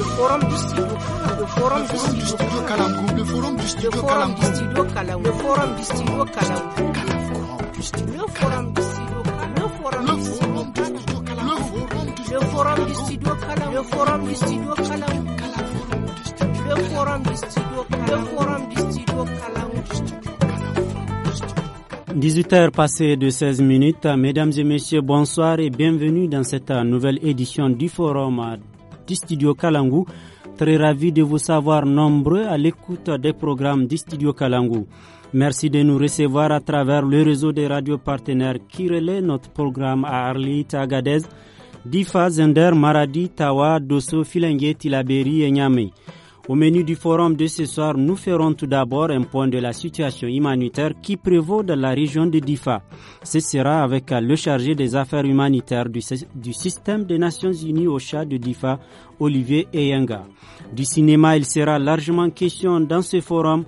le forum du studio le forum du studio Kalamkou le forum du studio Kalamkou le forum du studio Kalamkou le forum du studio le forum du studio le forum du studio le forum du studio le forum du studio le forum du studio 18h passées de 16 minutes. Mesdames et messieurs, bonsoir et bienvenue dans cette nouvelle édition du Forum du studio Kalangu. Très ravi de vous savoir nombreux à l'écoute des programmes du studio Kalangu. Merci de nous recevoir à travers le réseau des radios partenaires qui relaient notre programme à Arlit, Agadez, Difa, Zender, Maradi, Tawa, Dosso, Filengue, Tilaberi et Niamey. Au menu du forum de ce soir, nous ferons tout d'abord un point de la situation humanitaire qui prévaut dans la région de Difa. Ce sera avec euh, le chargé des affaires humanitaires du, système des Nations Unies au chat de Difa, Olivier Eyenga. Du cinéma, il sera largement question dans ce forum.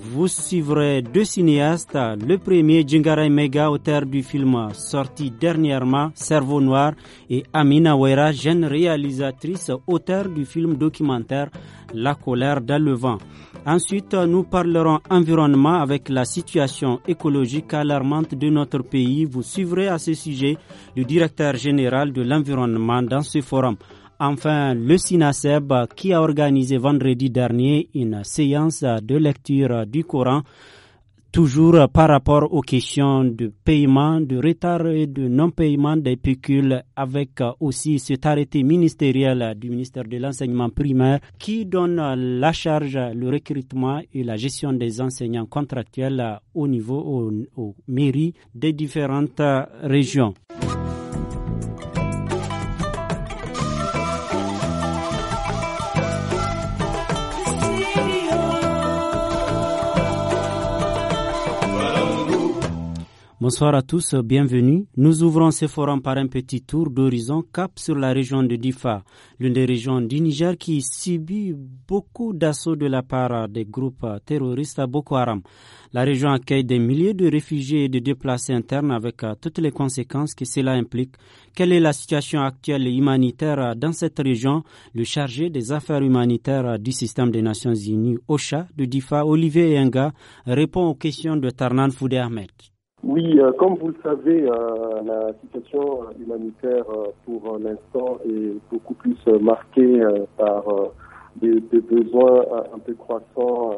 Vous suivrez deux cinéastes, le premier Jingara Mega, auteur du film sorti dernièrement Cerveau Noir, et Amina Wera, jeune réalisatrice, auteur du film documentaire la colère dans le vent. Ensuite, nous parlerons environnement avec la situation écologique alarmante de notre pays. Vous suivrez à ce sujet le directeur général de l'environnement dans ce forum. Enfin, le SINASEB qui a organisé vendredi dernier une séance de lecture du Coran toujours par rapport aux questions de paiement, de retard et de non-paiement des pécules, avec aussi cet arrêté ministériel du ministère de l'enseignement primaire qui donne la charge, le recrutement et la gestion des enseignants contractuels au niveau aux, aux mairies des différentes régions. Bonsoir à tous, bienvenue. Nous ouvrons ce forum par un petit tour d'horizon cap sur la région de Difa, l'une des régions du Niger qui subit beaucoup d'assauts de la part des groupes terroristes à Boko Haram. La région accueille des milliers de réfugiés et de déplacés internes avec euh, toutes les conséquences que cela implique. Quelle est la situation actuelle et humanitaire dans cette région Le chargé des affaires humanitaires du système des Nations Unies, OCHA, de Difa, Olivier Enga, répond aux questions de Tarnan Foudé Ahmed. Oui, euh, comme vous le savez, euh, la situation humanitaire euh, pour l'instant est beaucoup plus marquée par des, besoins un peu croissants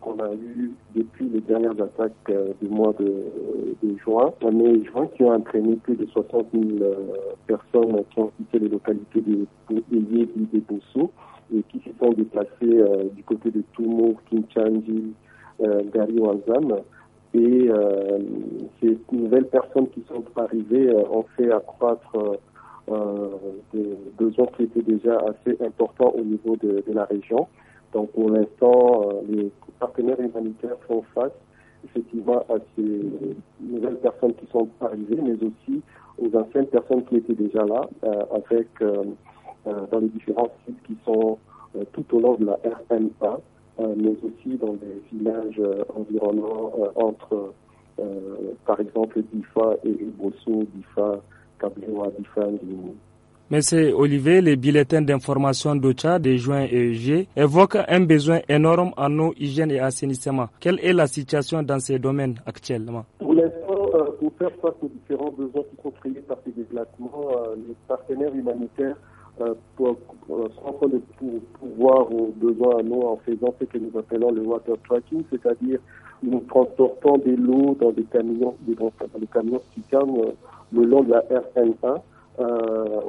qu'on a eu depuis les dernières attaques du mois de, juin, mai juin, qui ont entraîné plus de 60 000 personnes qui ont quitté les localités de des et de et qui se sont déplacées du côté de Tumour, Kinchanji, euh, et euh, ces nouvelles personnes qui sont arrivées euh, ont fait accroître euh, des besoins qui étaient déjà assez importants au niveau de, la région. Donc pour l'instant, les partenaires humanitaires font face effectivement à ces nouvelles personnes qui sont arrivées, mais aussi aux anciennes personnes qui étaient déjà là, avec dans les différents sites qui sont tout au long de la RMA. Euh, mais aussi dans des villages euh, environnants euh, entre, par exemple, Bifa et Bosso, Bifa, Kablewa, Bifa, Ndimou. Monsieur Olivier, les bulletins d'information d'OCHA de juin et juillet évoquent un besoin énorme en eau, hygiène et assainissement. Quelle est la situation dans ces domaines actuellement Pour l'instant, pour faire face aux différents besoins qui sont créés par ces déplacements, les partenaires humanitaires euh, pour, euh, sans pouvoir aux besoins à nous en faisant ce que nous appelons le water tracking, c'est-à-dire nous transportons des lots dans des camions, des, camions qui euh, le long de la RN1.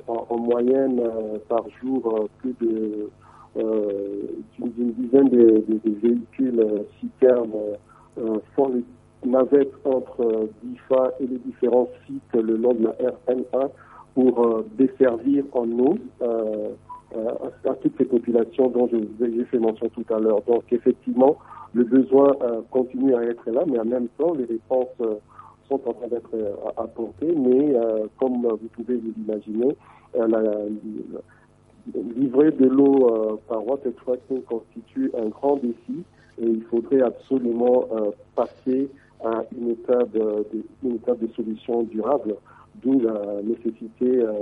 en, moyenne par jour plus de d'une dizaine de, véhicules citernes font les navettes entre DIFA et les différents sites le long de la RN1 pour euh, desservir en eau euh, euh, à, toutes ces populations dont j'ai fait mention tout à l'heure. Donc effectivement, le besoin continue à être là, mais en même temps, les réponses sont en train d'être apportées. Mais comme vous pouvez vous l'imaginer, livrer de l'eau par water constitue un grand défi et il faudrait absolument passer à une étape de, une étape de solution durable d'où la nécessité euh,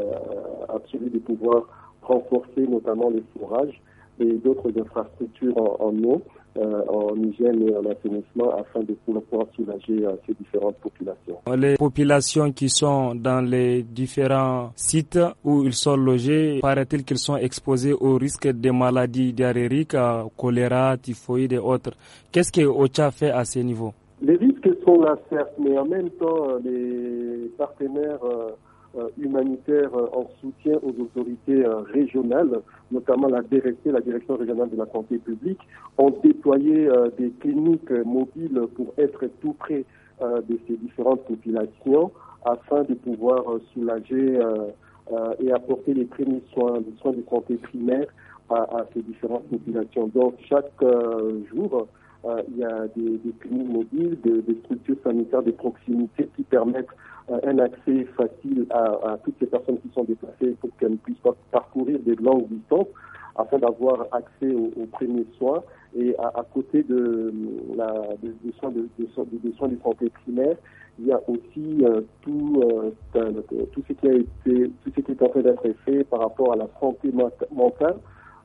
absolue de pouvoir renforcer notamment les fourrages et d'autres infrastructures en, eau, euh, en hygiène et en assainissement afin de pouvoir soulager euh, ces différentes populations. Les populations qui sont dans les différents sites où ils sont logés, paraît-il qu'ils sont exposés au risque des maladies diarrhéiques, choléra, typhoïde et autres. Qu'est-ce que OCHA fait à ce niveau on l'a certes, mais en même temps, euh, les partenaires euh, euh, humanitaires en soutien aux autorités régionales, notamment la DRC, la Direction régionale de la santé publique, ont déployé des cliniques mobiles pour être tout près de ces différentes populations afin de pouvoir soulager et apporter les premiers soins, soins de santé primaire à ces différentes populations. Donc chaque jour, euh, il y a des, des cliniques mobiles, des, structures sanitaires de proximité qui permettent euh, un accès facile à, toutes ces personnes qui sont déplacées pour qu'elles ne puissent pas parcourir des huit temps afin d'avoir accès aux, premiers soins et à, côté de euh, des, soins de, des, soins de santé primaire, il y a aussi tout, tout, ce qui a été, tout ce qui est en train d'être fait par rapport à la santé mentale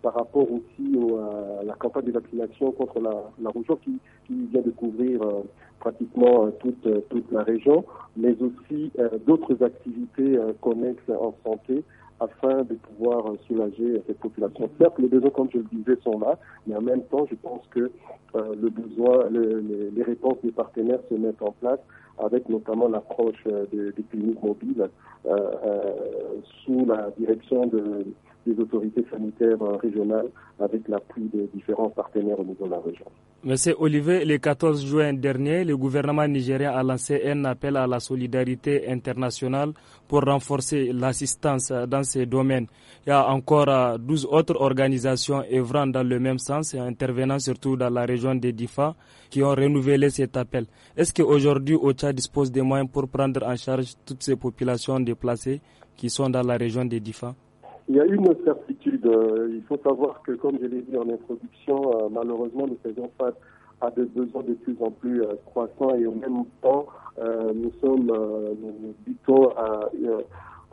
par rapport aussi euh, à la campagne de vaccination contre la, la rougeur qui, vient de couvrir euh, pratiquement euh, toute, toute la région, mais aussi d'autres activités connexes en santé afin de pouvoir soulager cette population. Certes, les besoins, comme je le disais, sont là, mais en même temps, je pense que le besoin, les réponses des partenaires se mettent en place avec notamment l'approche des cliniques mobiles sous la direction de des autorités sanitaires euh, régionales avec l'appui de différents partenaires au niveau de la région. Monsieur Olivier, le 14 juin dernier, le gouvernement nigérien a lancé un appel à la solidarité internationale pour renforcer l'assistance dans ces domaines. Il y a encore 12 euh, autres organisations œuvrant dans le même sens et intervenant surtout dans la région des DIFA qui ont renouvelé cet appel. Est-ce qu'aujourd'hui, OCHA dispose des moyens pour prendre en charge toutes ces populations déplacées qui sont dans la région des DIFA il y a une certitude. Euh, il faut savoir que, comme je l'ai dit en introduction, euh, malheureusement, nous faisons face à des besoins de plus en plus euh, croissants et au même temps, nous sommes, nous à,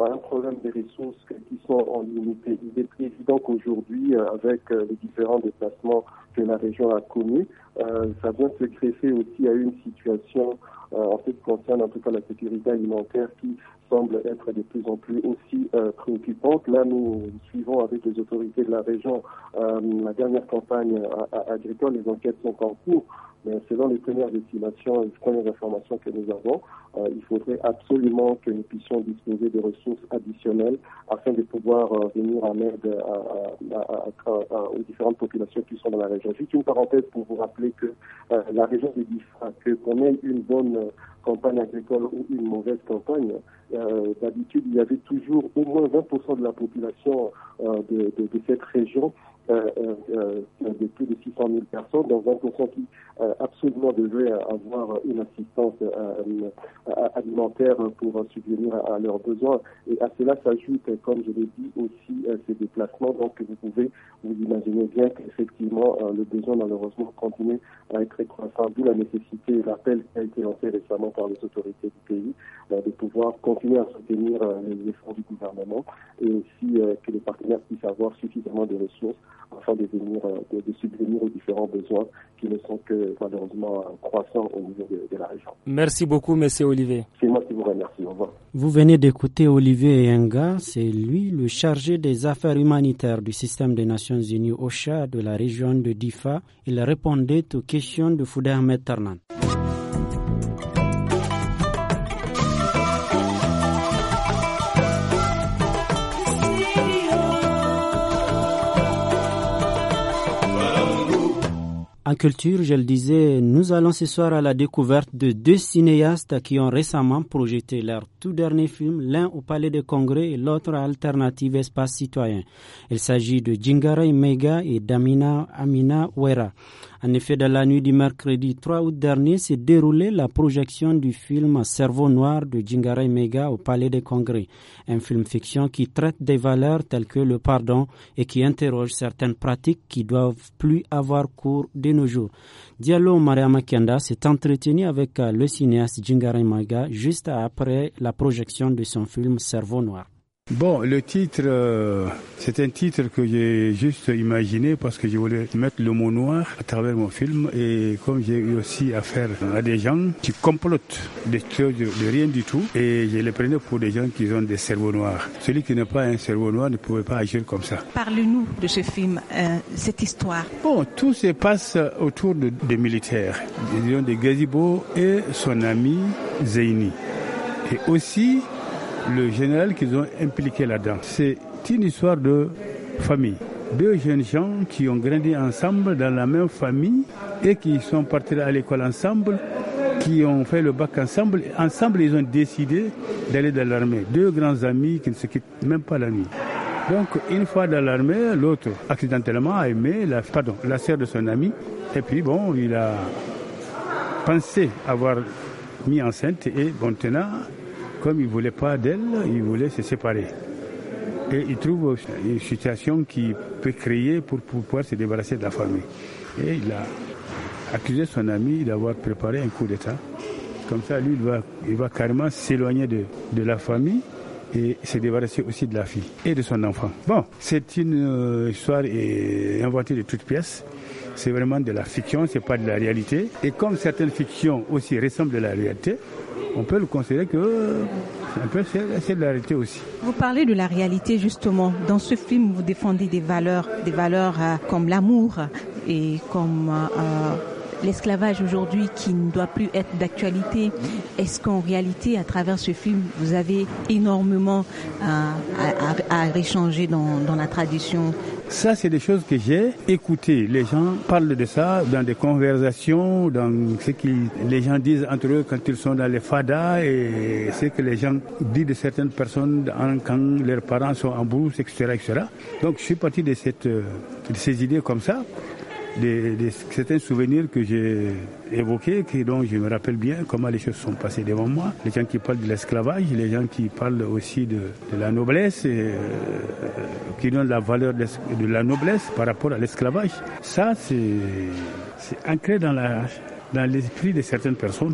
un problème des ressources qui sont en limité. Il est évident qu'aujourd'hui, avec les différents déplacements que la région a connus, ça vient se greffer aussi à une situation en fait concerne en tout cas la sécurité alimentaire qui semble être de plus en plus aussi euh, préoccupante. Là, nous suivons avec les autorités de la région euh, la dernière campagne euh, agricole. Les enquêtes sont en cours selon les premières estimations et les premières informations que nous avons, euh, il faudrait absolument que nous puissions disposer de ressources additionnelles afin de pouvoir euh, venir en aide à, à, à, aux différentes populations qui sont dans la région. Juste une parenthèse pour vous rappeler que euh, la région de Bifa, que qu'on ait une bonne campagne agricole ou une mauvaise campagne, d'habitude, il y avait toujours au moins 20% de la population de, de, de cette région euh, euh, euh, de plus de 600 000 personnes, dans un qui qui absolument devrait avoir une assistance alimentaire pour subvenir à, leurs besoins. Et à cela s'ajoute, comme je l'ai dit, aussi ces déplacements. Donc vous pouvez vous imaginer bien qu'effectivement le besoin malheureusement continue à être croissant, d'où la nécessité et l'appel qui a été lancé récemment par les autorités du pays de pouvoir continuer à soutenir les efforts du gouvernement et aussi que les partenaires puissent avoir suffisamment de ressources afin euh, de, subvenir aux différents besoins qui ne sont que malheureusement croissants au niveau de, la région. Merci beaucoup, Monsieur Olivier. C'est moi qui vous remercie. Au revoir. Vous venez d'écouter Olivier Enga, c'est lui le chargé des affaires humanitaires du système des Nations Unies OCHA de la région de Difa. Il répondait aux questions de Fouda Ahmed Tarnan. En culture, je le disais, nous allons ce soir à la découverte de deux cinéastes qui ont récemment projeté leur tout dernier film, l'un au Palais des Congrès et l'autre à Alternative Espace Citoyen. Il s'agit de Jingarei Mega et d'Amina Amina Wera. En effet, dans la nuit du mercredi 3 août dernier s'est déroulée la projection du film Cerveau noir de Jingarei Mega au Palais des Congrès, un film fiction qui traite des valeurs telles que le pardon et qui interroge certaines pratiques qui doivent plus avoir cours de nos Diallo Mariama s'est entretenu avec euh, le cinéaste Jingare Maga juste après la projection de son film Cerveau Noir. Bon, le titre, euh, c'est un titre que j'ai juste imaginé parce que je voulais mettre le mot noir à travers mon film et comme j'ai eu aussi affaire à des gens qui complotent des choses de rien du tout et je les prenais pour des gens qui ont des cerveaux noirs. Celui qui n'a pas un cerveau noir ne pouvait pas agir comme ça. parlez nous de ce film, euh, cette histoire. Bon, tout se passe autour de, des militaires, disons de Gazibo et son ami Zeini. Et aussi le général qu'ils ont impliqué là-dedans. C'est une histoire de famille. Deux jeunes gens qui ont grandi ensemble dans la même famille et qui sont partis à l'école ensemble, qui ont fait le bac ensemble. Ensemble, ils ont décidé d'aller dans l'armée. Deux grands amis qui ne se quittent même pas la nuit. Donc, une fois dans l'armée, l'autre, accidentellement, a aimé la, pardon, la sœur de son ami. Et puis, bon, il a pensé avoir mis enceinte et, bon, tenant, comme il ne voulait pas d'elle, il voulait se séparer. Et il trouve une situation qu'il peut créer pour pouvoir se débarrasser de la famille. Et il a accusé son ami d'avoir préparé un coup d'État. Comme ça, lui, il va, carrément s'éloigner de, la famille et se débarrasser aussi de la fille et de son enfant. Bon, c'est une euh, histoire inventée de toutes pièces c'est vraiment de la fiction, c'est pas de la réalité. Et comme certaines fictions aussi ressemblent à la réalité, on peut le considérer que euh, c'est de la réalité aussi. Vous parlez de la réalité justement. Dans ce film, vous défendez des valeurs, des valeurs euh, comme l'amour et comme euh, l'esclavage aujourd'hui qui ne doit plus être d'actualité. Est-ce qu'en réalité, à travers ce film, vous avez énormément à, réchanger dans, la tradition ça, c'est des choses que j'ai écoutées. Les gens parlent de ça dans des conversations, dans ce que les gens disent entre eux quand ils sont dans les fadas et ce que les gens disent de certaines personnes quand leurs parents sont en bourse, etc., etc. Donc, je suis parti de, euh, de ces idées comme ça de, un certains souvenirs que j'ai évoqués, dont je me rappelle bien comment les choses sont passées devant moi. Les gens qui parlent de l'esclavage, les gens qui parlent aussi de, la noblesse, euh, qui donnent la valeur de, la noblesse par rapport à l'esclavage. Ça, c'est ancré dans dans l'esprit de certaines personnes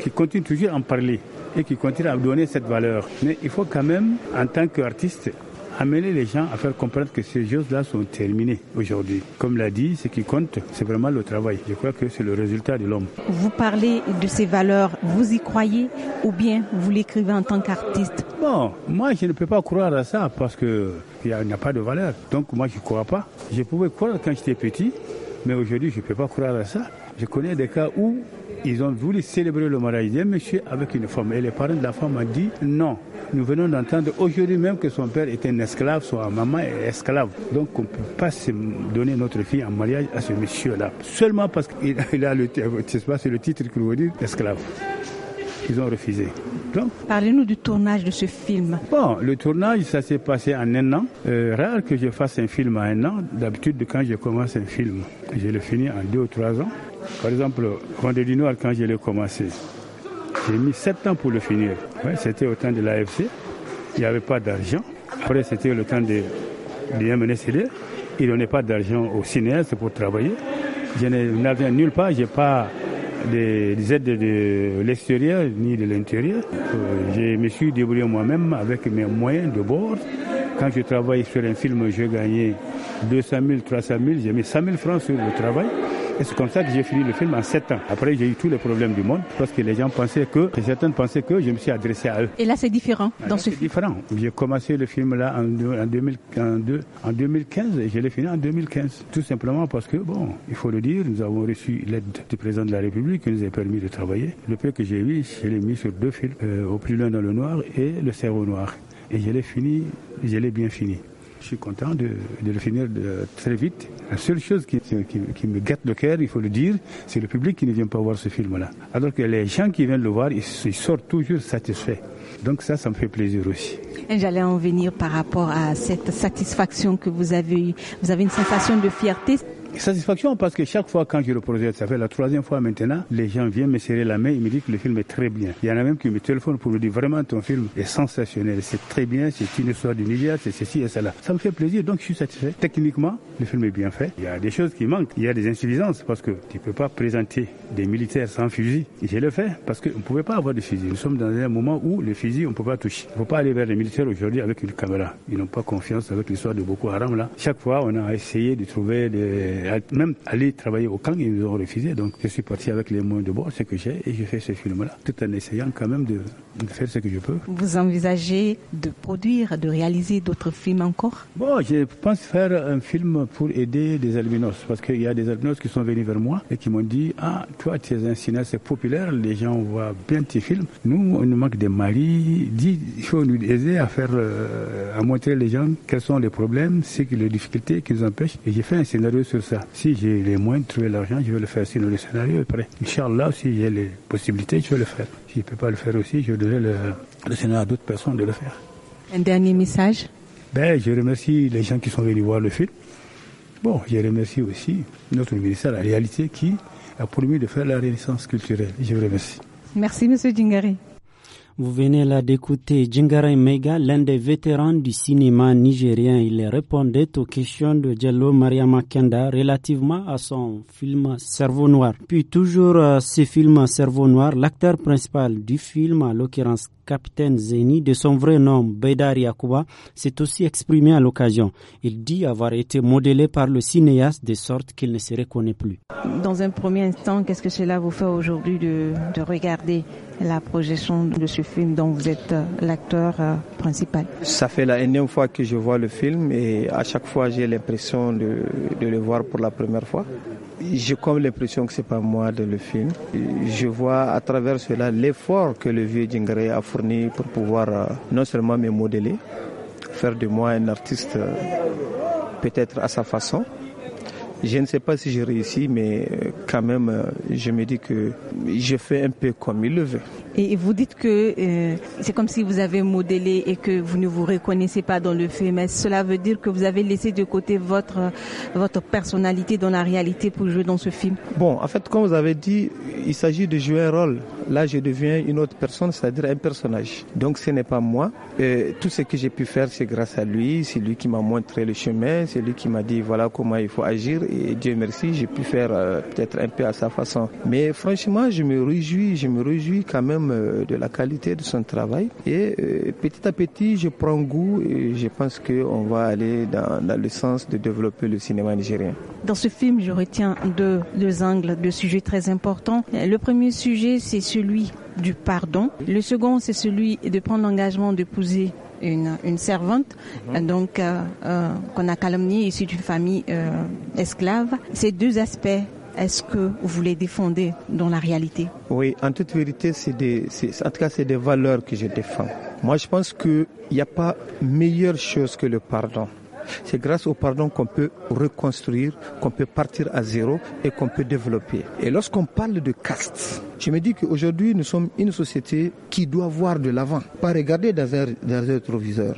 qui continuent toujours à en parler et qui continuent à donner cette valeur. Mais il faut quand même, en tant qu'artiste, amener les gens à faire comprendre que ces choses-là sont terminées aujourd'hui. Comme l'a dit, ce qui compte, c'est vraiment le travail. Je crois que c'est le résultat de l'homme. Vous parlez de ces valeurs, vous y croyez ou bien vous l'écrivez en tant qu'artiste Bon, moi je ne peux pas croire à ça parce que il n'y a, a, pas de valeur. Donc moi je ne crois pas. Je pouvais croire quand j'étais petit, mais aujourd'hui je ne peux pas croire à ça. Je connais des cas où ils ont voulu célébrer le mariage d'un monsieur avec une femme. Et les parents de la femme ont dit non. Nous venons d'entendre aujourd'hui même que son père est un esclave, son maman est esclave. Donc on ne peut pas se donner notre fille en mariage à ce monsieur-là. Seulement parce qu'il a le, c'est le titre que veut dire, esclave ils ont refusé. Parlez-nous du tournage de ce film. Bon, le tournage, ça s'est passé en un an. Euh, rare que je fasse un film en un an. D'habitude, quand je commence un film, je le finis en deux ou trois ans. Par exemple, Vendée du Noir, quand je l'ai commencé, j'ai mis sept ans pour le finir. c'était au temps de l'AFC. Il n'y avait pas d'argent. Après, c'était le temps de, de MNCD. Il n'y avait pas d'argent au cinéaste pour travailler. Je n'avais nulle part. Je n'ai pas des, aides de l'extérieur ni de l'intérieur. Euh, je me suis débrouillé moi-même avec mes moyens de bord. Quand je travaille sur un film, je gagnais 200 000, 300 000, j'ai mis 100 000 francs sur le travail. Et c'est comme ça que j'ai fini le film en sept ans. Après, j'ai eu tous les problèmes du monde parce que les gens pensaient que, certains pensaient que je me suis adressé à eux. Et là, c'est différent ah, dans ce film. C'est différent. J'ai commencé le film là en, en, en, 2015 et je l'ai fini en 2015. Tout simplement parce que, bon, il faut le dire, nous avons reçu l'aide du président de la République qui nous a permis de travailler. Le peu que j'ai eu, je l'ai mis sur deux films, euh, Au plus loin dans le noir et Le cerveau noir. Et je l'ai fini, je l'ai bien fini. Je suis content de, le finir euh, très vite. La seule chose qui, me gâte le cœur, il faut le dire, c'est le public qui ne vient pas voir ce film-là. Alors que les gens qui viennent le voir, ils, ils sortent toujours satisfaits. Donc ça, ça me fait plaisir aussi. J'allais en venir par rapport à cette satisfaction que vous avez eue. Vous avez une sensation de fierté. Satisfaction parce que chaque fois quand je le projette, ça fait la troisième fois maintenant, les gens viennent me serrer la main et me disent que le film est très bien. Il y en a même qui me téléphonent pour me dire vraiment ton film est sensationnel, c'est très bien, c'est une histoire du Niger, c'est ceci et cela. Ça me fait plaisir, donc je suis satisfait. Techniquement, le film est bien fait. Il y a des choses qui manquent, il y a des insuffisances parce que tu ne peux pas présenter des militaires sans fusil. J'ai le fait parce qu'on ne pouvait pas avoir de fusil. Nous sommes dans un moment où le fusils, on ne peut pas toucher. Il ne faut pas aller vers les militaires aujourd'hui avec une caméra. Ils n'ont pas confiance avec l'histoire de Boko Haram là. Chaque fois, on a essayé de trouver des même aller travailler au camp, ils nous ont refusé. Donc je suis parti avec les moyens de bord, ce que j'ai, et j'ai fait ce film-là, tout en essayant quand même de, faire ce que je peux. Vous envisagez de produire, de réaliser d'autres films encore Bon, je pense faire un film pour aider des albinos, parce qu'il y a des albinos qui sont venus vers moi et qui m'ont dit, ah, toi, tu es un cinéaste populaire, les gens voient bien tes films. Nous, on nous manque des maris, il faut nous aider à faire, euh, à montrer les gens quels sont les problèmes, c'est les difficultés qui nous empêchent. Et j'ai fait un scénario sur ça si j'ai les moyens de trouver l'argent, je vais le faire. Sinon, le scénario est prêt. Inch'Allah, si j'ai les possibilités, je vais le faire. Si je ne peux pas le faire aussi, je donnerai le, le scénario à d'autres personnes de le faire. Un dernier message ben, Je remercie les gens qui sont venus voir le film. Bon, je remercie aussi notre ministère, la réalité, qui a promis de faire la renaissance culturelle. Je vous remercie. Merci, Monsieur Dingari. Vous venez là d'écouter Jingaray Mega, l'un des vétérans du cinéma nigérien. Il répondait aux questions de Diallo Maria Makenda relativement à son film Cerveau Noir. Puis toujours à euh, ce film Cerveau Noir, l'acteur principal du film, à l'occurrence capitaine Zeni, de son vrai nom Bédar Yakuba, s'est aussi exprimé à l'occasion. Il dit avoir été modélé par le cinéaste de sorte qu'il ne se reconnaît plus. Dans un premier instant, qu'est-ce que cela vous fait aujourd'hui de, regarder la projection de ce film dont vous êtes euh, l'acteur euh, principal Ça fait la énième fois que je vois le film et à chaque fois j'ai l'impression de le voir pour la première fois j'ai comme l'impression que c'est pas moi de le film. Je vois à travers cela l'effort que le vieux Djingaré a fourni pour pouvoir euh, non seulement me modeler, faire de moi un artiste euh, peut-être à sa façon, je ne sais pas si j'ai réussi, mais euh, quand même, euh, je me dis que je fais un peu comme il le veut. Et vous dites que euh, c'est comme si vous avez modélé et que vous ne vous reconnaissez pas dans le fait, mais cela veut dire que vous avez laissé de côté votre, votre personnalité dans la réalité pour jouer dans ce film Bon, en fait, comme vous avez dit, il s'agit de jouer un rôle. Là, je deviens une autre personne, c'est-à-dire un personnage. Donc, ce n'est pas moi. tout ce que j'ai pu faire, c'est grâce à lui. C'est lui qui m'a montré le chemin. C'est lui qui m'a dit voilà comment il faut agir et Dieu merci, j'ai pu faire euh, peut-être un peu à sa façon. Mais franchement, je me réjouis, je me réjouis quand même euh, de la qualité de son travail. Et euh, petit à petit, je prends goût et je pense qu'on va aller dans, le sens de développer le cinéma nigérien. Dans ce film, je retiens deux, deux angles, deux sujets très importants. Le premier sujet, c'est celui du pardon. Le second, c'est celui de prendre l'engagement d'épouser une, servante, mhm. donc euh, euh, qu'on a calomniée, issue d'une famille euh, esclave. Ces deux aspects est-ce que vous les défendez dans la réalité Oui, en toute vérité, c'est des, en tout cas, c'est des valeurs que je défends. Moi, je pense qu'il n'y a pas meilleure chose que le pardon. C'est grâce au pardon qu'on peut reconstruire, qu'on peut partir à zéro et qu'on peut développer. Et lorsqu'on parle de caste, je me dis qu'aujourd'hui, nous sommes une société qui doit voir de l'avant, pas regarder dans un, dans rétroviseur.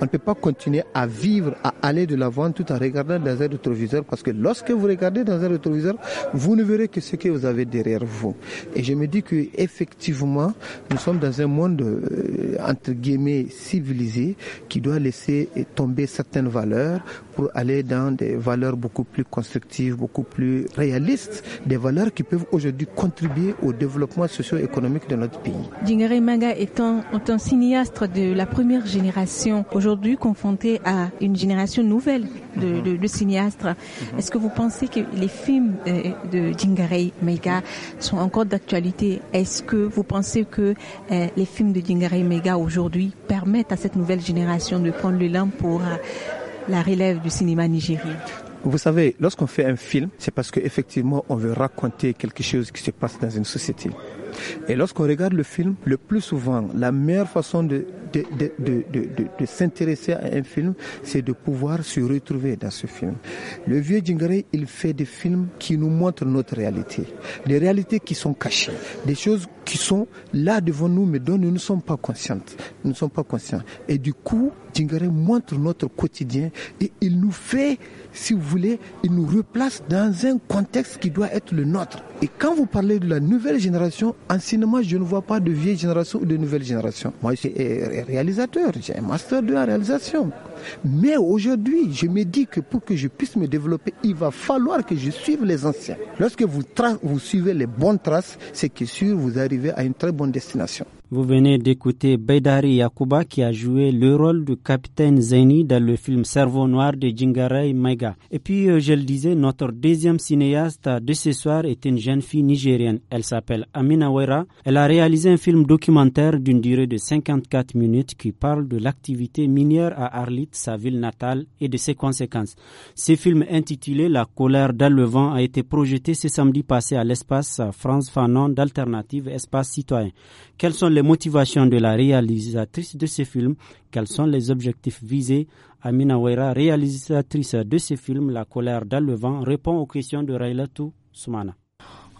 On ne peut pas continuer à vivre, à aller de l'avant tout en regardant dans un rétroviseur parce que lorsque vous regardez dans un rétroviseur, vous ne verrez que ce que vous avez derrière vous. Et je me dis que effectivement, nous sommes dans un monde euh, entre guillemets civilisé qui doit laisser tomber certaines valeurs pour aller dans des valeurs beaucoup plus constructives, beaucoup plus réalistes, des valeurs qui peuvent aujourd'hui contribuer au développement socio-économique de notre pays. Djingare manga étant, un cinéaste de la première génération, aujourd'hui confronté à une génération nouvelle de, mhm. de, de cinéastes, mhm. est-ce que vous pensez que les films euh, de Djingare Maga sont encore d'actualité Est-ce que vous pensez que euh, les films de Djingare Maga aujourd'hui permettent à cette nouvelle génération de prendre le lent pour euh, la relève du cinéma nigérien vous savez, lorsqu'on fait un film, c'est parce qu'effectivement, on veut raconter quelque chose qui se passe dans une société. Et lorsqu'on regarde le film, le plus souvent, la meilleure façon de, de, de, de s'intéresser à un film, c'est de pouvoir se retrouver dans ce film. Le vieux Djingaré, il fait des films qui nous montrent notre réalité, des réalités qui sont cachées, des choses qui sont là devant nous, mais dont nous ne sommes pas conscientes. Nous ne sommes pas conscients. Et du coup, Djingare montre notre quotidien et il nous fait, si vous voulez, il nous replace dans un contexte qui doit être le nôtre. Et quand vous parlez de la nouvelle génération, en cinéma, je ne vois pas de vieille génération ou de nouvelle génération. Moi, je suis réalisateur, j'ai un master de la réalisation. Mais aujourd'hui, je me dis que pour que je puisse me développer, il va falloir que je suive les anciens. Lorsque vous, vous suivez les bonnes traces, c'est que sûr, vous arrivez à une très bonne destination. Vous venez d'écouter Baydari Yakuba qui a joué le rôle du capitaine Zeni dans le film Cerveau noir de Jingarei Mega. Et puis, euh, je le disais, notre deuxième cinéaste de ce soir est une jeune fille nigérienne. Elle s'appelle Amina Wera. Elle a réalisé un film documentaire d'une durée de 54 minutes qui parle de l'activité minière à Arlit, sa ville natale, et de ses conséquences. Ce film intitulé La colère dans le vent a été projeté ce samedi passé à l'espace France Fanon d'Alternative Espace Citoyen. Quels sont les motivations de la réalisatrice de ce film, quels sont les objectifs visés. Amina Ouera, réalisatrice de ce film, La colère dans le vent, répond aux questions de Railatou Soumana.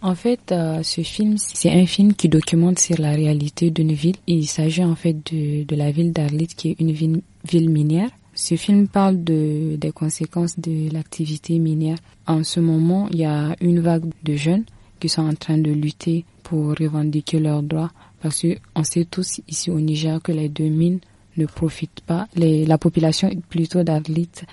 En fait, euh, ce film, c'est un film qui documente sur la réalité d'une ville. Il s'agit en fait de, la ville d'Arlit, qui est une ville, minière. Ce film parle de, des conséquences de l'activité minière. En ce moment, il y a une vague de jeunes qui sont en train de lutter pour revendiquer leurs droits. Parce qu'on sait tous ici au Niger que les deux mines ne profitent pas, la population est plutôt d'adultes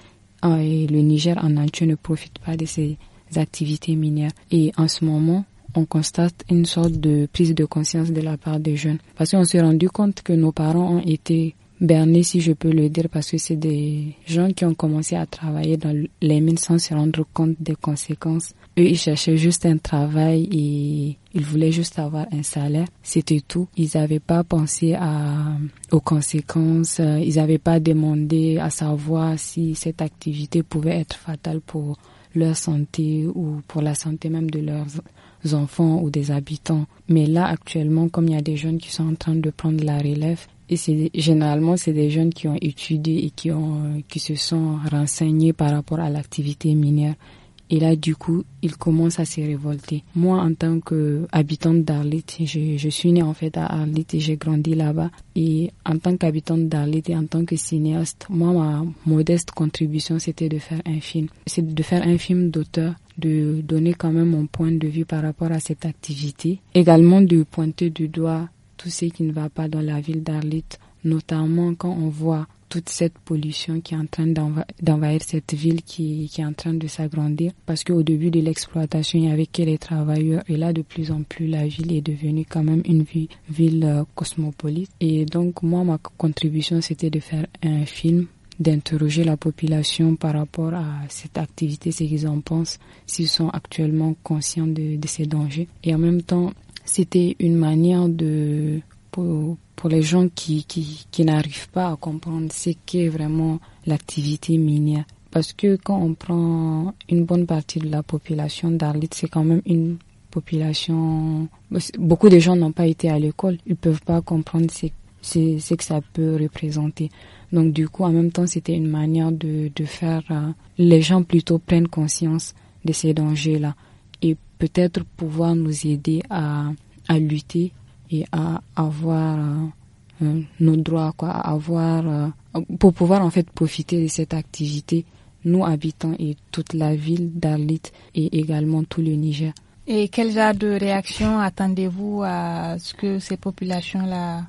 hein, et le Niger en entier ne profite pas de ces activités minières. Et en ce moment, on constate une sorte de prise de conscience de la part des jeunes. Parce qu'on s'est rendu compte que nos parents ont été bernés, si je peux le dire, parce que c'est des gens qui ont commencé à travailler dans les mines sans se rendre compte des conséquences. Eux, ils cherchaient juste un travail et ils voulaient juste avoir un salaire, c'était tout. Ils n'avaient pas pensé à, aux conséquences, euh, ils n'avaient pas demandé à savoir si cette activité pouvait être fatale pour leur santé ou pour la santé même de leurs enfants ou des habitants. Mais là, actuellement, comme il y a des jeunes qui sont en train de prendre la relève, et c'est généralement c'est des jeunes qui ont étudié et qui ont euh, qui se sont renseignés par rapport à l'activité minière et là, du coup, il commence à se révolter. Moi, en tant qu'habitante d'Arlit, je, je, suis née en fait à Arlit et j'ai grandi là-bas. Et en tant qu'habitante d'Arlit et en tant que cinéaste, moi, ma modeste contribution, c'était de faire un film. C'est de faire un film d'auteur de donner quand même mon point de vue par rapport à cette activité. Également de pointer du doigt tout ce qui ne va pas dans la ville d'Arlit, notamment quand on voit toute cette pollution qui est en train d'envahir cette ville qui, est en train de s'agrandir. Parce qu'au début de l'exploitation, il n'y avait que les travailleurs. Et là, de plus en plus, la ville est devenue quand même une ville, ville euh, cosmopolite. Et donc, moi, ma contribution, c'était de faire un film d'interroger la population par rapport à cette activité, ce qu'ils en pensent, s'ils sont actuellement conscients de ces dangers. Et en même temps, c'était une manière de pour, les gens qui, qui, qui n'arrivent pas à comprendre ce qu'est vraiment l'activité minière. Parce que quand on prend une bonne partie de la population d'Arlit, c'est quand même une population... Beaucoup de gens n'ont pas été à l'école, ils peuvent pas comprendre ce que ça peut représenter. Donc du coup, en même temps, c'était une manière de, de faire euh, les gens plutôt prennent conscience de ces dangers-là et peut-être pouvoir nous aider à, à lutter et à avoir euh, nos droits, quoi, à avoir, euh, pour pouvoir en fait profiter de cette activité, nous habitants et toute la ville d'Arlit et également tout le Niger. Et quel genre de réaction attendez-vous à ce que ces populations-là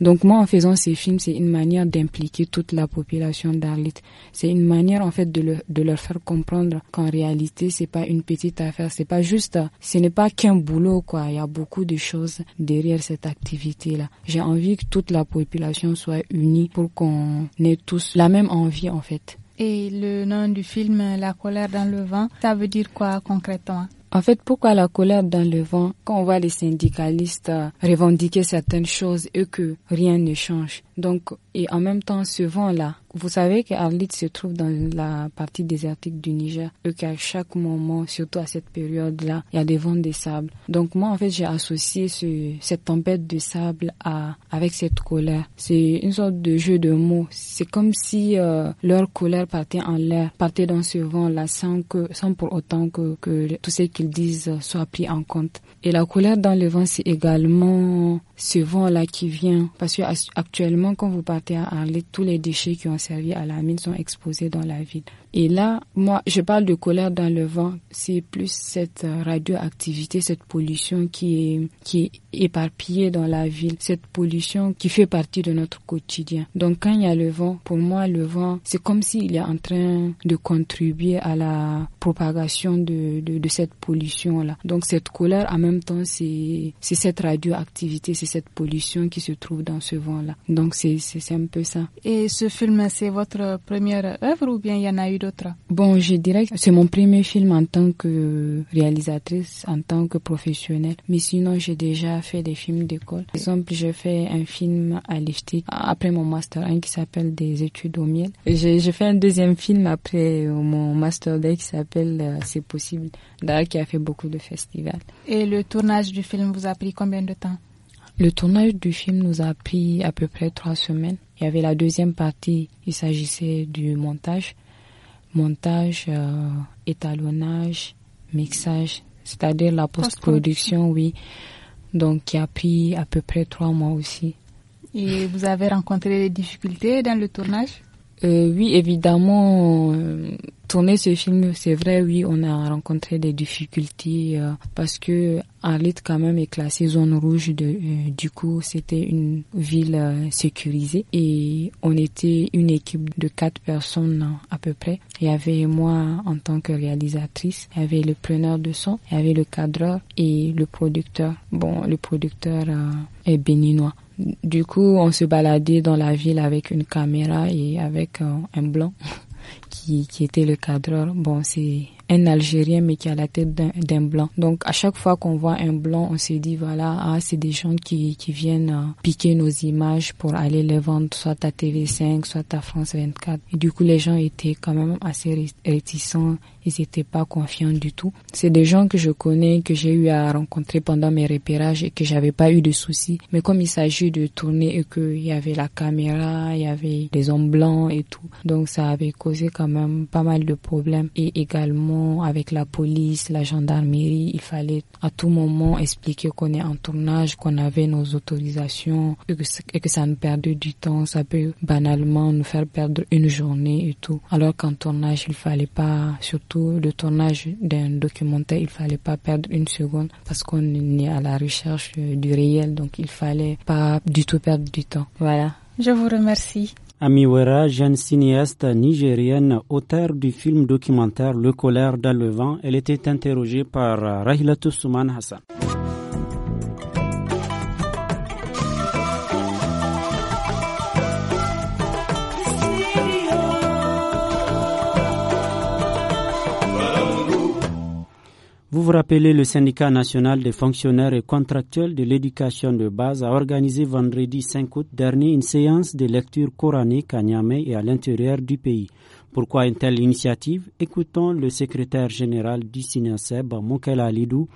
donc moi, en faisant ces films, c'est une manière d'impliquer toute la population d'Arlit. C'est une manière, en fait, de, de leur faire comprendre qu'en réalité, c'est pas une petite affaire, c'est pas juste, ce n'est pas qu'un boulot, quoi. Il y a beaucoup de choses derrière cette activité-là. J'ai envie que toute la population soit unie pour qu'on ait tous la même envie, en fait. Et le nom du film La colère dans le vent, ça veut dire quoi concrètement en fait, pourquoi la colère dans le vent quand on voit les syndicalistes euh, revendiquer certaines choses et que rien ne change Donc, et en même temps, ce vent-là, vous savez que Arlit se trouve dans la partie désertique du Niger et qu'à chaque moment, surtout à cette période-là, il y a des vents de sable. Donc moi, en fait, j'ai associé ce, cette tempête de sable à, avec cette colère. C'est une sorte de jeu de mots. C'est comme si euh, leur colère partait en l'air, partait dans ce vent-là sans, sans pour autant que, que tous ces qu'ils disent soit pris en compte. Et la colère dans le vent, c'est également ce vent-là qui vient. Parce que actuellement, quand vous partez à Arlit, tous les déchets qui ont servi à la mine sont exposés dans la ville. Et là, moi, je parle de colère dans le vent. C'est plus cette euh, radioactivité, cette pollution qui est, qui éparpillée dans la ville, cette pollution qui fait partie de notre quotidien. Donc, quand il y a le vent, pour moi, le vent, c'est comme s'il est en train de contribuer à la propagation de, cette pollution-là. Donc, cette colère, en même temps, c'est, cette radioactivité, c'est cette pollution qui se trouve dans ce vent-là. Donc, c'est, c'est un peu ça. Et ce film, c'est votre première œuvre ou bien il y en a eu d'autres Bon, je dirais que c'est mon premier film en tant que réalisatrice, en tant que professionnelle. Mais sinon, j'ai déjà fait des films d'école. Par exemple, j'ai fait un film à Lifty après mon master 1 qui s'appelle Des études au miel. J'ai fait un deuxième film après mon master 2 qui s'appelle euh, C'est possible, qui a fait beaucoup de festivals. Et le tournage du film vous a pris combien de temps le tournage du film nous a pris à peu près trois semaines. Il y avait la deuxième partie, il s'agissait du montage montage, euh, étalonnage, mixage, c'est-à-dire la post-production, oui. Donc, qui a pris à peu près trois mois aussi. Et vous avez rencontré des difficultés dans le tournage euh, Oui, évidemment, euh, tourner ce film, c'est vrai, oui, on a rencontré des difficultés euh, parce que Arlit quand même est classée zone rouge. De, euh, du coup, c'était une ville euh, sécurisée et on était une équipe de quatre personnes à peu près. Il y avait moi en tant que réalisatrice, il y avait le preneur de son, il y avait le cadreur et le producteur. Bon, le producteur est béninois. Du coup, on se baladait dans la ville avec une caméra et avec un blanc. qui, qui était le cadreur. Bon, c'est un Algérien mais qui a la tête d'un blanc. Donc à chaque fois qu'on voit un blanc, on se dit voilà, ah, c'est des gens qui, qui viennent euh, piquer nos images pour aller les vendre soit à TV5, soit à France 24. Et du coup, les gens étaient quand même assez réticents, ils n'étaient pas confiants du tout. C'est des gens que je connais, que j'ai eu à rencontrer pendant mes repérages et que j'avais pas eu de soucis. Mais comme il s'agit de tourner et qu'il y avait la caméra, il y avait des hommes blancs et tout, donc ça avait causé quand même pas mal de problèmes et également avec la police, la gendarmerie. Il fallait à tout moment expliquer qu'on est en tournage, qu'on avait nos autorisations et que, ça nous perdait du temps. Ça peut banalement nous faire perdre une journée et tout. Alors qu'en tournage, il fallait pas, surtout le tournage d'un documentaire, il fallait pas perdre une seconde parce qu'on est à la recherche euh, du réel. Donc il fallait pas du tout perdre du temps. Voilà. Je vous remercie. Amiwera, jeune cinéaste nigérienne, auteur du film documentaire Le colère dans le vent, elle était interrogée par Rahilatou Souman Hassan. Vous vous rappelez, le syndicat national des fonctionnaires et contractuels de l'éducation de base a organisé vendredi 5 août dernier une séance de lecture coranique à Niamey et à l'intérieur du pays. Pourquoi une telle initiative Écoutons le secrétaire général du Sinaseb, Moukela Alidou,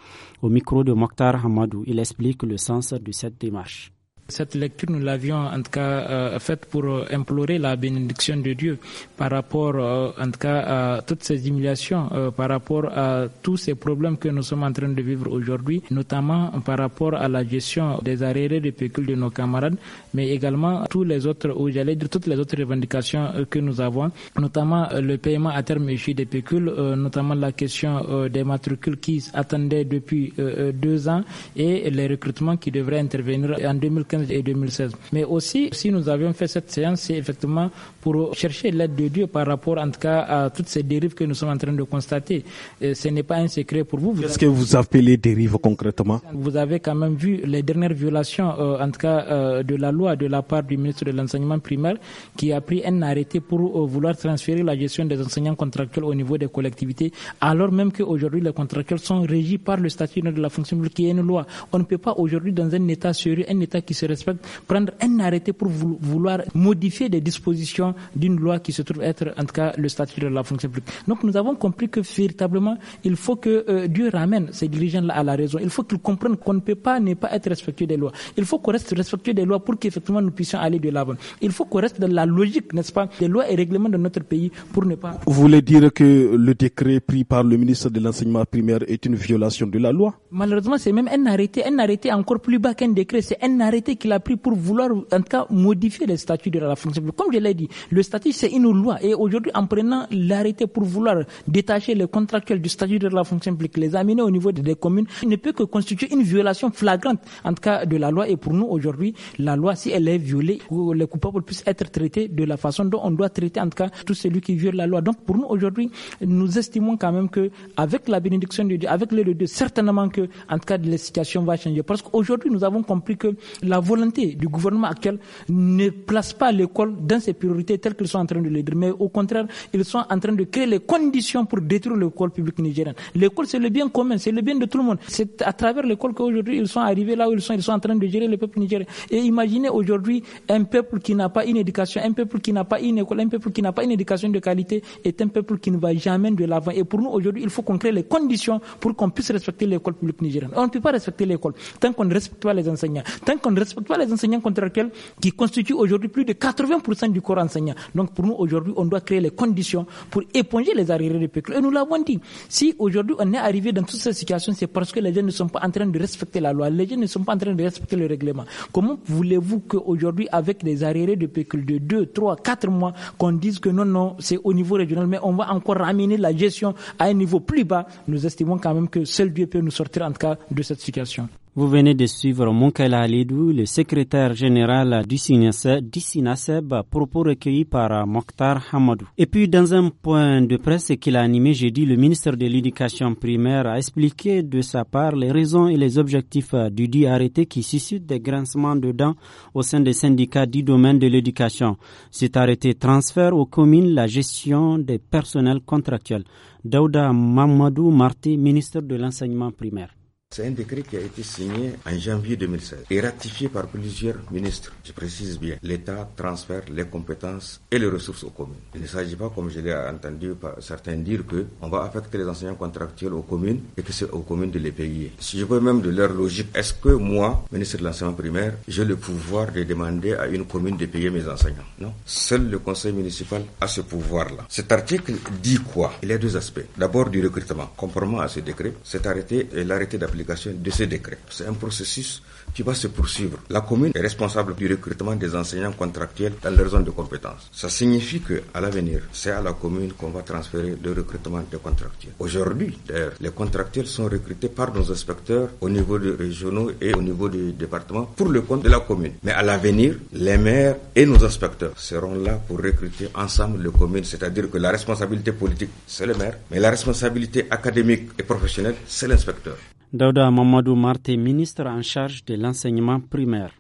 au micro de Mokhtar Hamadou. Il explique le sens de cette démarche. Cette lecture, nous l'avions en tout cas euh, faite pour euh, implorer la bénédiction de Dieu par rapport euh, en tout cas à toutes ces humiliations, par rapport à tous ces problèmes que nous sommes en train de vivre aujourd'hui, notamment par rapport à la gestion des arriérés de pécule de nos camarades, mais également tous les autres, ou j'allais dire toutes les autres revendications que nous avons, notamment le paiement à terme échu des pécules, notamment la question des matricules qui attendaient depuis deux ans et les recrutements qui devraient intervenir en 2015 et 2016. Mais aussi, si nous avions fait cette séance, c'est effectivement pour chercher l'aide de Dieu par rapport, en tout cas, à toutes ces dérives que nous sommes en train de constater. ce n'est pas un secret pour vous. Qu'est-ce que vous appelez dérive concrètement Vous avez quand même vu les dernières violations, euh, en tout cas, euh, de la loi de la part du ministre de l'enseignement primaire qui a pris un arrêté pour euh, vouloir transférer la gestion des enseignants contractuels au niveau des collectivités, alors même qu'aujourd'hui les contractuels sont régis par le statut de la fonction publique qui est une loi. On ne peut pas aujourd'hui dans un État sérieux, un État qui se respecte prendre un arrêté pour vouloir modifier des dispositions d'une loi qui se trouve être, en tout cas, le statut de la fonction publique. Donc nous avons compris que véritablement, il faut que euh, Dieu ramène ces dirigeants-là à la raison. Il faut qu'ils comprennent qu'on ne peut pas ne pas être respectueux des lois. Il faut qu'on reste respectueux des lois pour qu'effectivement nous puissions aller de l'avant. Il faut qu'on reste dans la logique, n'est-ce pas, des lois et règlements de notre pays pour ne pas. Vous voulez dire que le décret pris par le ministre de l'enseignement primaire est une violation de la loi Malheureusement, c'est même un arrêté, un arrêté encore plus bas qu'un décret, c'est un arrêté qu'il a pris pour vouloir, en tout cas, modifier le statut de la fonction publique. Comme je l'ai dit, le statut, c'est une loi. Et aujourd'hui, en prenant l'arrêté pour vouloir détacher les contractuels du statut de la fonction publique, les amener au niveau des communes, il ne peut que constituer une violation flagrante, en tout cas, de la loi. Et pour nous, aujourd'hui, la loi, si elle est violée, les coupables puissent être traités de la façon dont on doit traiter, en tout cas, tout celui qui viole la loi. Donc, pour nous, aujourd'hui, nous estimons quand même que, avec la bénédiction de Dieu, avec l'aide de Dieu, certainement que, en tout cas, la situation va changer. Parce qu'aujourd'hui, nous avons compris que la volonté du gouvernement actuel ne place pas l'école dans ses priorités telles qu'ils sont en train de le dire, mais au contraire, ils sont en train de créer les conditions pour détruire l'école publique nigérienne. L'école, c'est le bien commun, c'est le bien de tout le monde. C'est à travers l'école qu'aujourd'hui ils sont arrivés là où ils sont, ils sont en train de gérer le peuple nigérien. Et imaginez aujourd'hui un peuple qui n'a pas une éducation, un peuple qui n'a pas une école, un peuple qui n'a pas une éducation de qualité est un peuple qui ne va jamais de l'avant. Et pour nous aujourd'hui, il faut qu'on crée les conditions pour qu'on puisse respecter l'école publique nigérienne. On ne peut pas respecter l'école tant qu'on ne respecte pas les enseignants, tant qu'on respectent pas les enseignants contractuels qui constituent aujourd'hui plus de 80% du corps enseignant. Donc pour nous aujourd'hui, on doit créer les conditions pour éponger les arriérés de Pécule. Et nous l'avons dit. Si aujourd'hui on est arrivé dans toutes ces situations, c'est parce que les jeunes ne sont pas en train de respecter la loi, les jeunes ne sont pas en train de respecter le règlement. Comment voulez-vous qu'aujourd'hui, avec des arriérés de Pécule de 2, 3, 4 mois, qu'on dise que non, non, c'est au niveau régional, mais on va encore ramener la gestion à un niveau plus bas, nous estimons quand même que seul Dieu peut nous sortir en tout cas de cette situation. Vous venez de suivre Moukela Alidou, le secrétaire général du SINASEB, propos recueillis par Mokhtar Hamadou. Et puis, dans un point de presse qu'il a animé jeudi, le ministre de l'Éducation primaire a expliqué de sa part les raisons et les objectifs du dit arrêté qui suscite des grincements de dents au sein des syndicats du domaine de l'éducation. Cet arrêté transfère aux communes la gestion des personnels contractuels. Daouda Mamadou Marty, ministre de l'Enseignement primaire. C'est un décret qui a été signé en janvier 2016 et ratifié par plusieurs ministres. Je précise bien, l'État transfère les compétences et les ressources aux communes. Il ne s'agit pas, comme je l'ai entendu par certains dire, que on va affecter les enseignants contractuels aux communes et que c'est aux communes de les payer. Si je veux même de leur logique, est-ce que moi, ministre de l'enseignement primaire, j'ai le pouvoir de demander à une commune de payer mes enseignants Non. Seul le conseil municipal a ce pouvoir-là. Cet article dit quoi Il y a deux aspects. D'abord du recrutement. Conformément à ce décret, cet arrêté et l'arrêté d'application de ces décrets. C'est un processus qui va se poursuivre. La commune est responsable du recrutement des enseignants contractuels dans leur zone de compétence. Ça signifie que à l'avenir, c'est à la commune qu'on va transférer le recrutement des contractuels. Aujourd'hui, d'ailleurs, les contractuels sont recrutés par nos inspecteurs au niveau des régionaux et au niveau du département pour le compte de la commune. Mais à l'avenir, les maires et nos inspecteurs seront là pour recruter ensemble les commune. c'est-à-dire que la responsabilité politique, c'est le maire, mais la responsabilité académique et professionnelle, c'est l'inspecteur. Dauda Mamadou Marté, ministre en charge de l'enseignement primaire.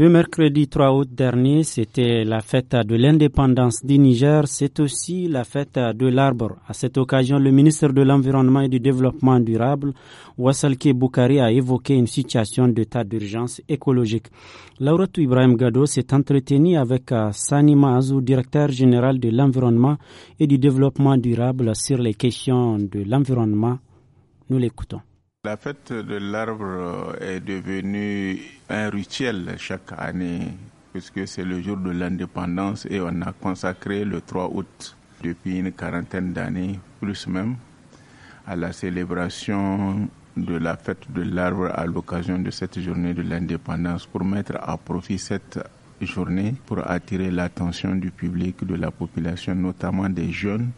Le mercredi 3 août dernier, c'était la fête de l'indépendance du Niger. C'est aussi la fête de l'arbre. À cette occasion, le ministre de l'Environnement et du Développement durable, Wassalke Boukari, a évoqué une situation d'état d'urgence écologique. Lauratou Ibrahim Gado s'est entretenu avec euh, Sanima Azou, directeur général de l'Environnement et du Développement durable sur les questions de l'environnement. Nous l'écoutons. La fête de l'arbre euh, est devenue un rituel chaque année, puisque c'est le jour de l'indépendance et on a consacré le 3 août depuis une quarantaine d'années, plus même, à la célébration de la fête de l'arbre à l'occasion de cette journée de l'indépendance pour mettre à profit cette journée pour attirer l'attention du public, de la population, notamment des jeunes,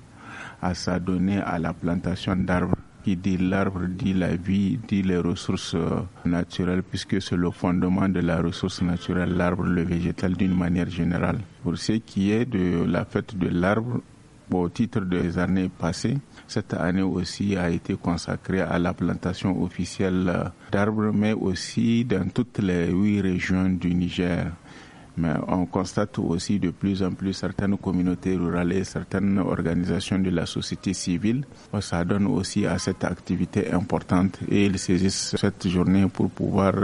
à s'adonner à la plantation d'arbres qui dit l'arbre dit la vie, dit les ressources euh, naturelles, puisque c'est le fondement de la ressource naturelle, l'arbre, le végétal d'une manière générale. Pour ce qui est de la fête de l'arbre, au titre des années passées, cette année aussi a été consacrée à la plantation officielle euh, d'arbres, mais aussi dans toutes les huit régions du Niger. Mais on constate aussi de plus en plus certaines communautés rurales et certaines organisations de la société civile. Ça donne aussi à cette activité importante et ils saisissent cette journée pour pouvoir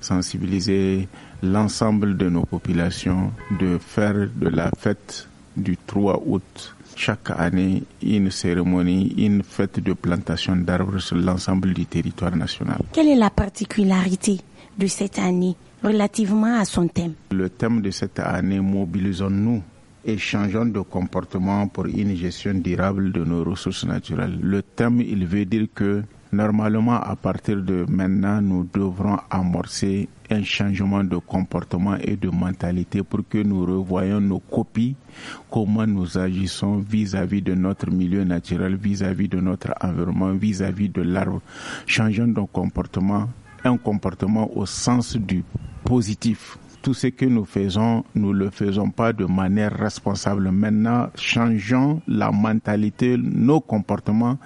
sensibiliser l'ensemble de nos populations de faire de la fête du 3 août chaque année une cérémonie, une fête de plantation d'arbres sur l'ensemble du territoire national. Quelle est la particularité de cette année relativement à son thème. Le thème de cette année, mobilisons-nous et changeons de comportement pour une gestion durable de nos ressources naturelles. Le thème, il veut dire que normalement, à partir de maintenant, nous devrons amorcer un changement de comportement et de mentalité pour que nous revoyions nos copies, comment nous agissons vis-à-vis de notre milieu naturel, vis-à-vis de notre environnement, vis-à-vis -vis de l'arbre. Changeons de comportement un comportement au sens du positif. Tout ce que nous faisons, nous ne le faisons pas de manière responsable. Maintenant, changeons la mentalité, nos comportements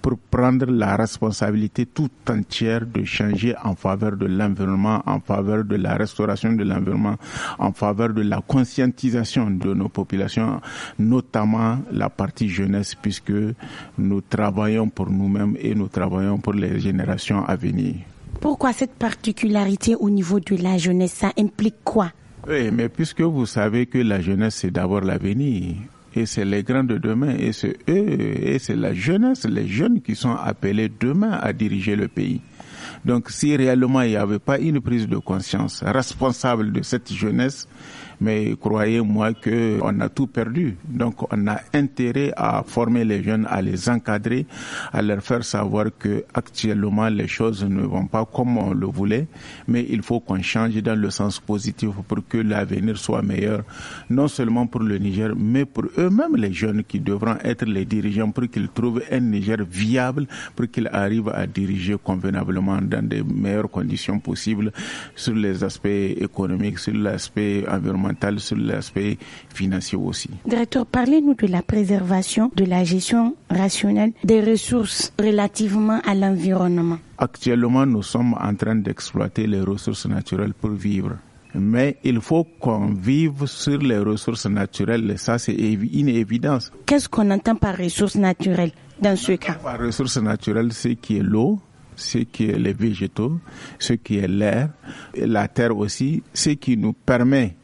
pour prendre la responsabilité tout entière de changer en faveur de l'environnement, en faveur de la restauration de l'environnement, en faveur de la conscientisation de nos populations, notamment la partie jeunesse, puisque nous travaillons pour nous-mêmes et nous travaillons pour les générations à venir. Pourquoi cette particularité au niveau de la jeunesse Ça implique quoi Oui, mais puisque vous savez que la jeunesse, c'est d'abord l'avenir. Et c'est les grands de demain, et c'est eux, et c'est la jeunesse, les jeunes qui sont appelés demain à diriger le pays. Donc si réellement il n'y avait pas une prise de conscience responsable de cette jeunesse, mais croyez-moi que on a tout perdu. Donc on a intérêt à former les jeunes, à les encadrer, à leur faire savoir que actuellement les choses ne vont pas comme on le voulait, mais il faut qu'on change dans le sens positif pour que l'avenir soit meilleur, non seulement pour le Niger, mais pour eux-mêmes les jeunes qui devront être les dirigeants pour qu'ils trouvent un Niger viable, pour qu'ils arrivent à diriger convenablement dans des meilleures conditions possibles sur les aspects économiques, sur l'aspect environnemental sur l'aspect financier aussi. Directeur, parlez-nous de la préservation, de la gestion rationnelle des ressources relativement à l'environnement. Actuellement, nous sommes en train d'exploiter les ressources naturelles pour vivre mais il faut qu'on vive sur les ressources naturelles. Ça, c'est une évidence. Qu'est-ce qu'on entend par ressources naturelles dans ce cas Par ressources naturelles, c'est qui est l'eau, ce qui est les végétaux, ce qui est l'air, la terre aussi, ce qui nous permet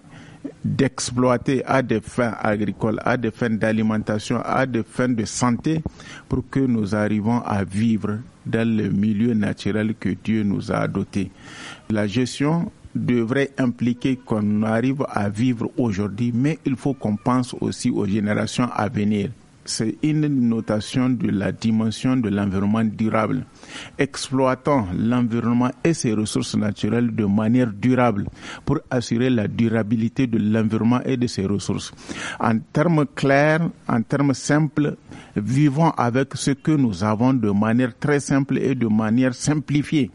d'exploiter à des fins agricoles, à des fins d'alimentation, à des fins de santé, pour que nous arrivions à vivre dans le milieu naturel que Dieu nous a doté. La gestion devrait impliquer qu'on arrive à vivre aujourd'hui, mais il faut qu'on pense aussi aux générations à venir c'est une notation de la dimension de l'environnement durable. Exploitons l'environnement et ses ressources naturelles de manière durable pour assurer la durabilité de l'environnement et de ses ressources. En termes clairs, en termes simples, vivons avec ce que nous avons de manière très simple et de manière simplifiée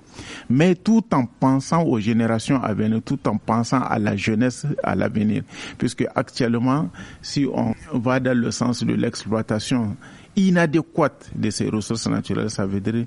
mais tout en pensant aux générations à venir, tout en pensant à la jeunesse à l'avenir. Puisque actuellement, si on va dans le sens de l'exploitation inadéquate de ces ressources naturelles. Ça veut dire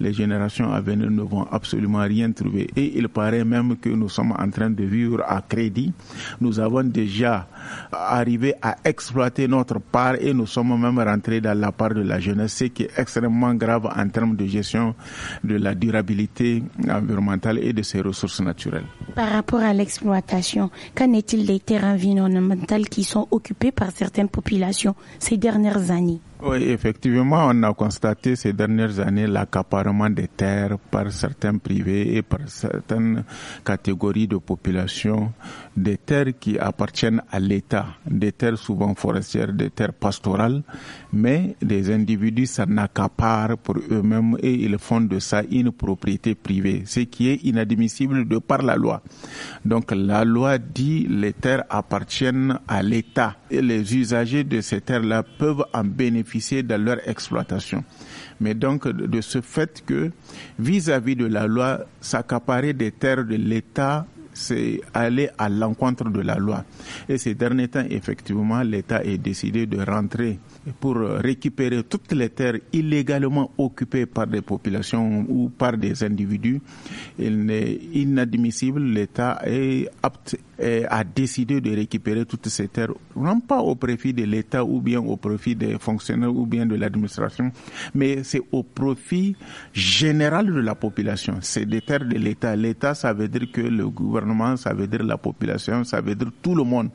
les générations à venir ne vont absolument rien trouver. Et il paraît même que nous sommes en train de vivre à crédit. Nous avons déjà arrivé à exploiter notre part et nous sommes même rentrés dans la part de la jeunesse, ce qui est extrêmement grave en termes de gestion de la durabilité environnementale et de ses ressources naturelles. Par rapport à l'exploitation, qu'en est-il des terres environnementales qui sont occupées par certaines populations ces dernières années oui, effectivement, on a constaté ces dernières années l'accaparement des terres par certains privés et par certaines catégories de population, des terres qui appartiennent à l'État, des terres souvent forestières, des terres pastorales, mais des individus s'en accaparent pour eux-mêmes et ils font de ça une propriété privée, ce qui est inadmissible de par la loi. Donc la loi dit les terres appartiennent à l'État et les usagers de ces terres-là peuvent en bénéficier dans leur exploitation. Mais donc, de ce fait que, vis-à-vis -vis de la loi, s'accaparer des terres de l'État c'est aller à l'encontre de la loi. Et ces derniers temps, effectivement, l'État est décidé de rentrer pour récupérer toutes les terres illégalement occupées par des populations ou par des individus. Il n'est inadmissible, l'État est apte à décider de récupérer toutes ces terres, non pas au profit de l'État ou bien au profit des fonctionnaires ou bien de l'administration, mais c'est au profit général de la population. C'est des terres de l'État. L'État, ça veut dire que le gouvernement ça veut dire la population, ça veut dire tout le monde.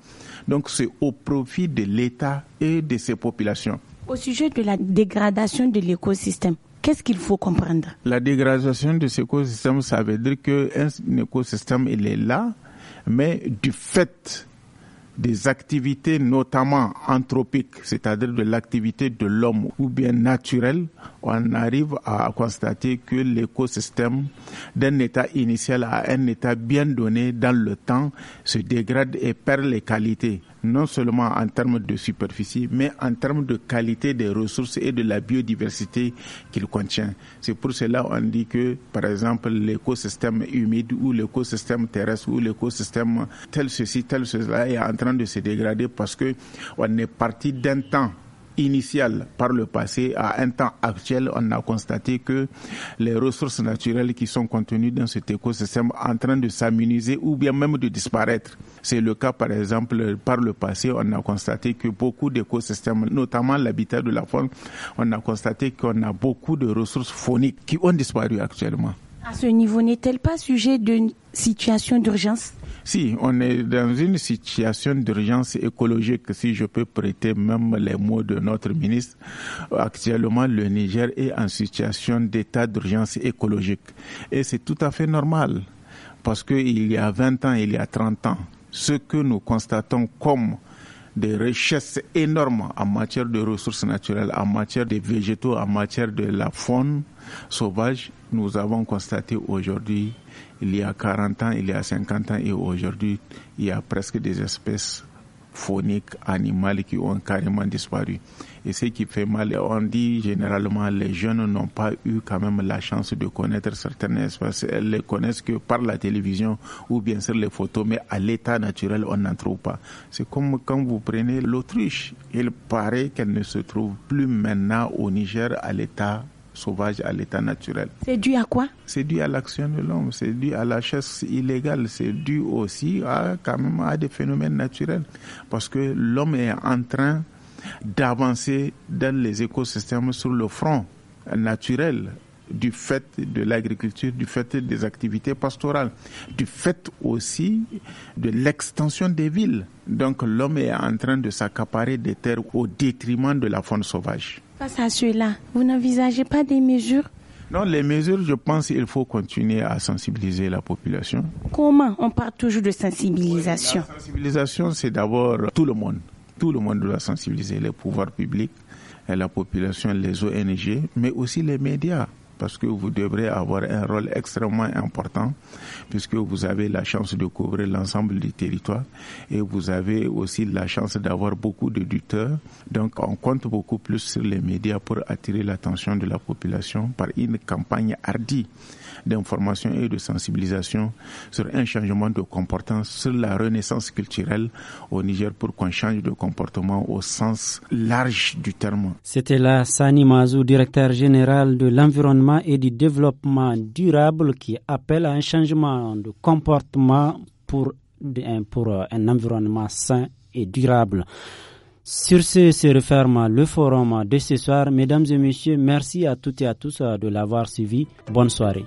Donc c'est au profit de l'État et de ses populations. Au sujet de la dégradation de l'écosystème, qu'est-ce qu'il faut comprendre La dégradation de cet écosystème, ça veut dire qu'un écosystème, il est là, mais du fait des activités notamment anthropiques, c'est-à-dire de l'activité de l'homme ou bien naturelle, on arrive à constater que l'écosystème d'un état initial à un état bien donné dans le temps se dégrade et perd les qualités non seulement en termes de superficie, mais en termes de qualité des ressources et de la biodiversité qu'il contient. C'est pour cela qu'on dit que, par exemple, l'écosystème humide ou l'écosystème terrestre ou l'écosystème tel ceci, tel cela est en train de se dégrader parce que on est parti d'un temps initiale par le passé à un temps actuel, on a constaté que les ressources naturelles qui sont contenues dans cet écosystème en train de s'amuniser ou bien même de disparaître. C'est le cas, par exemple, par le passé, on a constaté que beaucoup d'écosystèmes, notamment l'habitat de la faune, on a constaté qu'on a beaucoup de ressources phoniques qui ont disparu actuellement. À ce niveau, n'est-elle pas sujet de situation d'urgence Si, on est dans une situation d'urgence écologique, si je peux prêter même les mots de notre ministre. Actuellement, le Niger est en situation d'état d'urgence écologique. Et c'est tout à fait normal, parce qu'il y a 20 ans, il y a 30 ans, ce que nous constatons comme des richesses énormes en matière de ressources naturelles, en matière de végétaux, en matière de la faune sauvage. Nous avons constaté aujourd'hui, il y a 40 ans, il y a 50 ans et aujourd'hui, il y a presque des espèces phoniques animales qui ont carrément disparu. Et ce qui fait mal, on dit généralement les jeunes n'ont pas eu quand même la chance de connaître certaines espèces. Elles les connaissent que par la télévision ou bien sur les photos, mais à l'état naturel, on n'en trouve pas. C'est comme quand vous prenez l'autruche. Il paraît qu'elle ne se trouve plus maintenant au Niger à l'état sauvage à l'état naturel. C'est dû à quoi C'est dû à l'action de l'homme, c'est dû à la chasse illégale, c'est dû aussi à, quand même, à des phénomènes naturels. Parce que l'homme est en train d'avancer dans les écosystèmes sur le front naturel du fait de l'agriculture, du fait des activités pastorales, du fait aussi de l'extension des villes. Donc l'homme est en train de s'accaparer des terres au détriment de la faune sauvage face à cela, vous n'envisagez pas des mesures non, les mesures, je pense qu'il faut continuer à sensibiliser la population. Comment On parle toujours de sensibilisation. la sensibilisation, c'est d'abord tout le monde. Tout le monde doit sensibiliser les pouvoirs publics, la population, les ONG, mais aussi les médias parce que vous devrez avoir un rôle extrêmement important puisque vous avez la chance de couvrir l'ensemble du territoire et vous avez aussi la chance d'avoir beaucoup de d'éditeurs. Donc on compte beaucoup plus sur les médias pour attirer l'attention de la population par une campagne hardie d'information et de sensibilisation sur un changement de comportement, sur la renaissance culturelle au Niger pour qu'on change de comportement au sens large du terme. C'était là Sani Mazou, directeur général de l'environnement et du développement durable qui appelle à un changement de comportement pour, pour un environnement sain et durable. Sur ce se referme le forum de ce soir. Mesdames et messieurs, merci à toutes et à tous euh, de l'avoir suivi. Bonne soirée.